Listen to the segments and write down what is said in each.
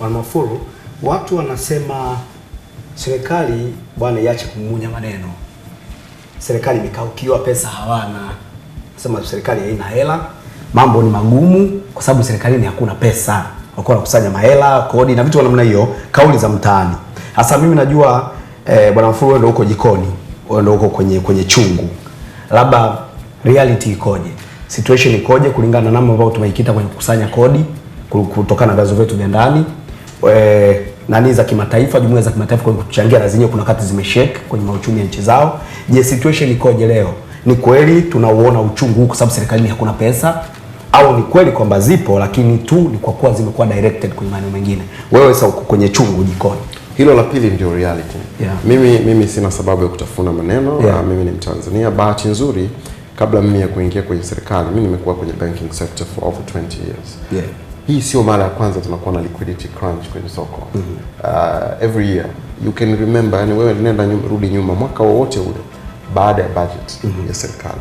Bwana watu wanasema serikali bwana iache kumunya maneno, serikali imekaukiwa, pesa hawana, sema serikali haina hela, mambo ni magumu, kwa sababu serikalini hakuna pesa, walikuwa wanakusanya mahela, kodi na vitu namna hiyo, kauli za mtaani. Hasa mimi najua eh, Bwana Mafuru ndio huko jikoni, wewe ndio huko kwenye kwenye chungu, labda reality ikoje, situation ikoje kulingana na namna ambayo tumeikita kwenye kukusanya kodi kutokana na vyanzo vyetu vya ndani e, nani za kimataifa, jumuiya za kimataifa kwa kuchangia, na zenyewe kuna kati zimeshake kwenye mauchumi ya nchi zao. Je, situation ikoje leo? Ni kweli tunauona uchungu huu kwa sababu serikalini hakuna pesa au ni kweli kwamba zipo lakini tu ni kwa kuwa zimekuwa directed kwenye maeneo mengine? Wewe sasa uko kwenye chungu jikoni. Hilo la pili ndio reality. Yeah. Mimi mimi sina sababu ya kutafuna maneno. Yeah. Mimi ni Mtanzania. Bahati nzuri kabla mimi ya kuingia kwenye serikali, mimi nimekuwa kwenye banking sector for over 20 years. Yeah hii sio mara ya kwanza tunakuwa na liquidity crunch kwenye soko mm -hmm. uh, every year you can remember, yani wewe nenda nyuma, rudi nyuma mwaka wowote ule baada ya budget mm -hmm. ya serikali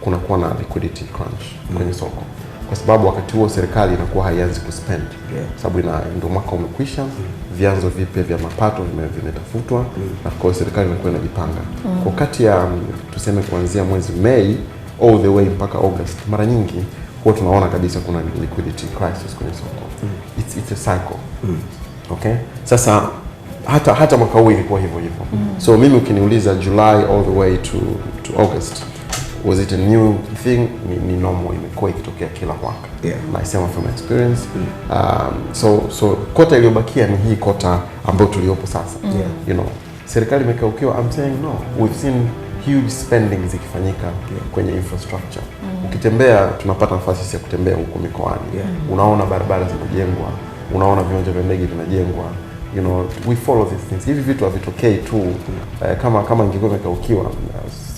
kunakuwa na liquidity crunch mm -hmm. kwenye soko kwa sababu wakati huo serikali inakuwa haianzi kuspend yeah. sababu ina ndio mwaka umekwisha mm -hmm. vyanzo vipya vya mapato vimetafutwa mm -hmm. na mhm. kwa serikali inakuwa inajipanga mm -hmm. kwa kati ya um, tuseme kuanzia mwezi Mei all the way mpaka August mara nyingi huwa tunaona kabisa kuna liquidity crisis kwenye soko mm. It's, it's a cycle mm. Okay, sasa hata hata mwaka huu ilikuwa hivyo hivyo mm. So mimi ukiniuliza July all the way to, to August was it a new thing? Ni, ni normal, imekuwa ikitokea kila mwaka yeah. Naisema from experience mm. Um, so so kota iliyobakia ni hii kota ambayo tuliopo sasa mm. yeah. You know serikali imekaukiwa, I'm saying no, we've seen huge spending zikifanyika yeah. kwenye infrastructure tukitembea tunapata nafasi ya kutembea huko mikoani yeah. Mm-hmm. Unaona barabara zinajengwa, unaona viwanja vya ndege vinajengwa, you know, we follow these things. Hivi vitu havitokei tu yeah. Uh, kama kama ingekuwa imekaukiwa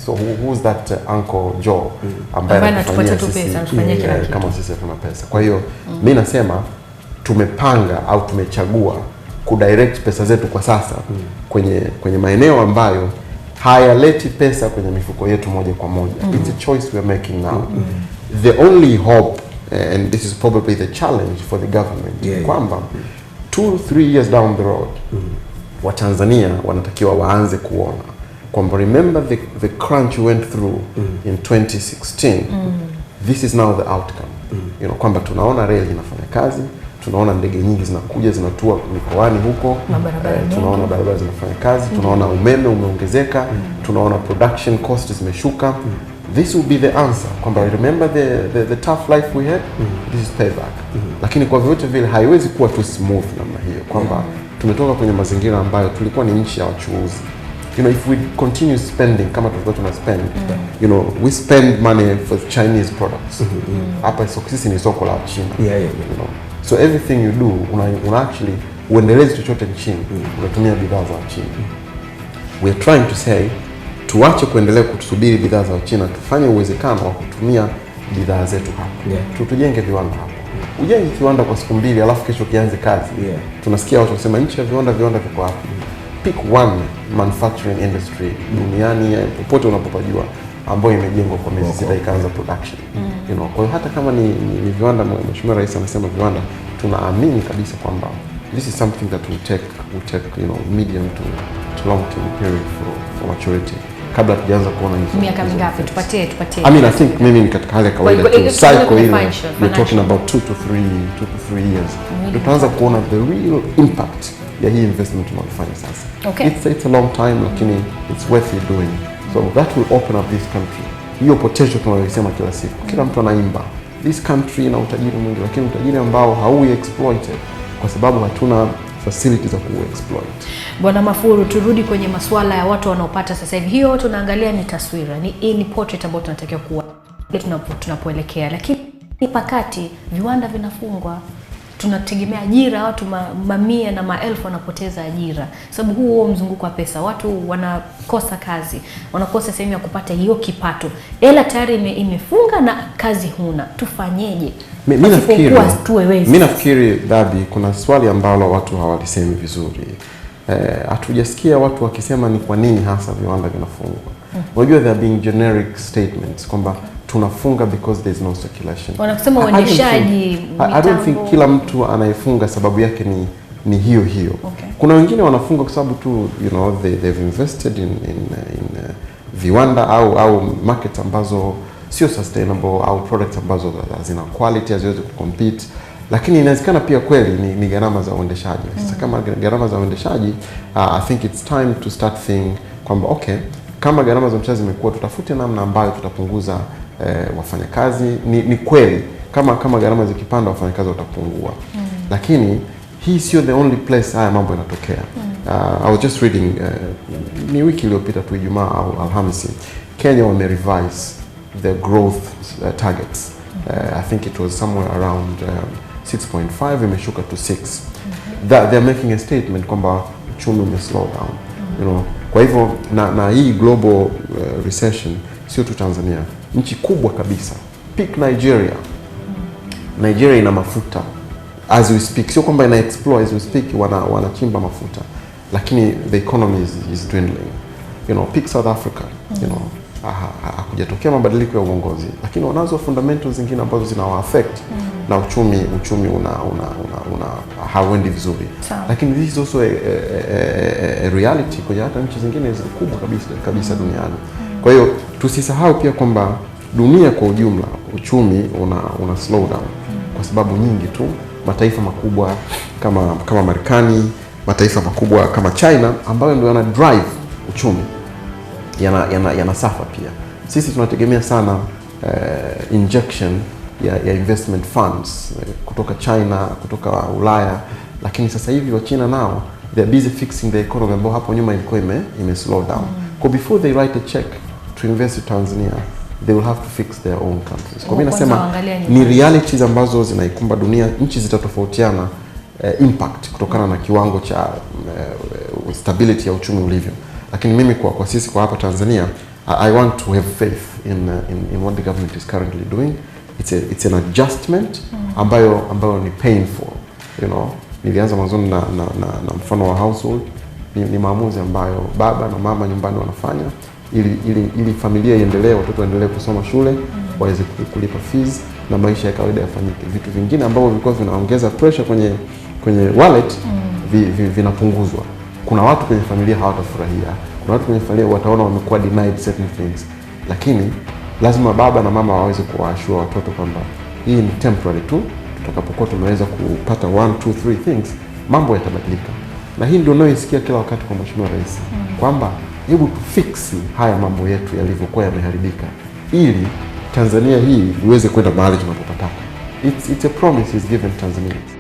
so who, who's that uh, uncle Joe mm. ambaye anatupatia tu pesa anatufanyia kila kitu kama sisi tuna pesa. Kwa hiyo mm. mimi nasema tumepanga au tumechagua kudirect pesa zetu kwa sasa mm. kwenye kwenye maeneo ambayo hayaleti pesa kwenye mifuko yetu moja kwa moja. mm -hmm. It's a choice we are making now. mm -hmm. The only hope eh, and this is probably the challenge for the government yeah, kwamba yeah. two three years down the road mm -hmm. Watanzania wanatakiwa waanze kuona kwamba remember the, the crunch we went through mm -hmm. in 2016 mm -hmm. This is now the outcome mm -hmm. You know kwamba tunaona reli inafanya kazi tunaona ndege nyingi zinakuja zinatua mikoani huko eh, tunaona barabara zinafanya kazi mm. tunaona umeme umeongezeka mm. tunaona production cost zimeshuka mm. This will be the answer kwamba remember the, the, the tough life we had mm. this is payback mm. Lakini kwa vyote vile haiwezi kuwa tu smooth namna hiyo kwamba mm. tumetoka kwenye mazingira ambayo tulikuwa ni nchi ya wachuuzi you know if we continue spending kama tulikuwa tuna spend mm. you know we spend money for Chinese products hapa mm -hmm. Sisi ni soko la China yeah, yeah, yeah. You know, So everything you do una, una actually uendelezi chochote nchini mm. unatumia bidhaa za Wachina mm. we are trying to say tuache kuendelea kutusubiri bidhaa za Wachina, tufanye uwezekano wa kutumia bidhaa zetu hapa yeah. tutujenge viwanda hapa mm. ujengi kiwanda kwa siku mbili alafu kesho kianze kazi yeah. tunasikia watu wanasema nchi ya viwanda, viwanda viko hapa mm. pick one manufacturing industry duniani popote unapopajua ambayo imejengwa kwa miezi sita ikaanza production mm. you know. Kwa hiyo hata kama ni, ni, ni viwanda, Mheshimiwa Rais amesema viwanda, tunaamini kabisa kwamba this is something that will take, will take you know, medium to, to long term period for, for maturity kabla tujaanza kuona hizo miaka mingapi? Tupatie, tupatie. I mean I think mimi ni katika hali ya kawaida tu, eh, cycle ile we're talking about 2 to 3 2 to 3 years tutaanza kuona the real impact ya hii investment tunayofanya sasa. Okay. It's, it's a long time lakini it's worth it doing. So that will open up this country, hiyo potential tunayosema kila siku, kila mtu anaimba this country ina utajiri mwingi, lakini utajiri ambao haui exploited kwa sababu hatuna facilities za kuexploit. Bwana Mafuru, turudi kwenye masuala ya watu wanaopata sasa hivi. Hiyo tunaangalia ni taswira, ni, ni portrait ambayo tunatakiwa kuwa tunapoelekea, lakini pakati viwanda vinafungwa tunategemea ajira, watu mamia na maelfu wanapoteza ajira sababu huu huo mzunguko wa pesa. Watu wanakosa kazi, wanakosa sehemu ya kupata hiyo kipato, hela tayari ime, imefunga na kazi huna, tufanyeje? mi nafikiri Dabi, kuna swali ambalo watu hawalisemi vizuri eh, hatujasikia eh, watu wakisema ni kwa nini hasa viwanda vinafungwa. Mm. Unajua, mm -hmm. being generic statements kwamba tunafunga because there is no circulation. Wanasema uendeshaji I don't think kila mtu anayefunga sababu yake ni ni hiyo hiyo. Okay. Kuna wengine wanafunga kwa sababu tu you know they, they've invested in in, in uh, viwanda au au market ambazo sio sustainable au product ambazo hazina quality haziwezi kucompete, lakini inawezekana pia kweli ni, ni gharama za uendeshaji. Sasa mm. kama gharama za uendeshaji uh, I think it's time to start thing kwamba okay, kama gharama za mchezo zimekuwa, tutafute namna ambayo tutapunguza e, wafanyakazi ni, ni kweli kama kama gharama zikipanda wafanyakazi watapungua mm. Lakini hii sio the only place haya mambo yanatokea mm. Uh, I was just reading uh, ni wiki iliyopita tu Ijumaa au Alhamisi, Kenya wame revise the growth uh, targets mm. uh, I think it was somewhere around um, uh, 6.5 imeshuka to 6 mm -hmm. That they are making a statement kwamba uchumi ume slow down mm -hmm. You know, kwa hivyo na, na hii global uh, recession sio tu Tanzania nchi kubwa kabisa, pick Nigeria. Nigeria ina mafuta as we speak, sio kwamba ina explore as we speak, wana wanachimba mafuta, lakini the economy is, is dwindling you know, pick South Africa you know, hakujatokea mabadiliko ya uongozi, lakini wanazo fundamentals zingine ambazo zinawa affect mm -hmm. na uchumi uchumi una, una, una, una hauendi vizuri Sao. Lakini this is also a, a, a a reality kwenye hata nchi zingine kubwa kabisa kabisa mm. duniani. mm -hmm. Kwa hiyo Tusisahau pia kwamba dunia kwa ujumla uchumi una, una slow down kwa sababu nyingi tu. Mataifa makubwa kama kama Marekani, mataifa makubwa kama China ambayo ndio yana drive uchumi yana, yana, yana safa pia. Sisi tunategemea sana uh, injection ya, ya investment funds eh, kutoka China, kutoka Ulaya, lakini sasa hivi china nao they are busy fixing the economy ambayo hapo nyuma ilikuwa ime, ime slow down. Kwa before they write a check to invest in Tanzania they will have to fix their own countries. Kwa mimi nasema ni realities ambazo zinaikumba dunia, nchi zitatofautiana eh, impact kutokana na kiwango cha eh, stability ya uchumi ulivyo, lakini mimi kwa, kwa sisi kwa hapa Tanzania I want to have faith in, eh, in, in what the government is currently doing. It's, a, it's an adjustment mm. ambayo ambayo ni painful you know. Nilianza mwanzoni na, na, na, na mfano wa household ni, ni maamuzi ambayo baba na mama nyumbani wanafanya ili, ili, ili familia iendelee, watoto waendelee kusoma shule mm waweze kulipa fees na maisha ya kawaida yafanyike. Vitu vingine ambavyo vilikuwa vinaongeza pressure kwenye kwenye wallet mm vi, vi, vinapunguzwa. Kuna watu kwenye familia hawatafurahia, kuna watu kwenye familia wataona wamekuwa denied certain things, lakini lazima baba na mama waweze kuwaashua watoto kwamba hii ni temporary tu, tutakapokuwa tumeweza kupata one, two, three things mambo yatabadilika, na hii ndio unayoisikia kila wakati kwa Mheshimiwa Rais mm kwamba hebu tufiksi haya mambo yetu yalivyokuwa yameharibika, ili Tanzania hii iweze kwenda mahali tunapopataka. It's, it's a promise is given Tanzania.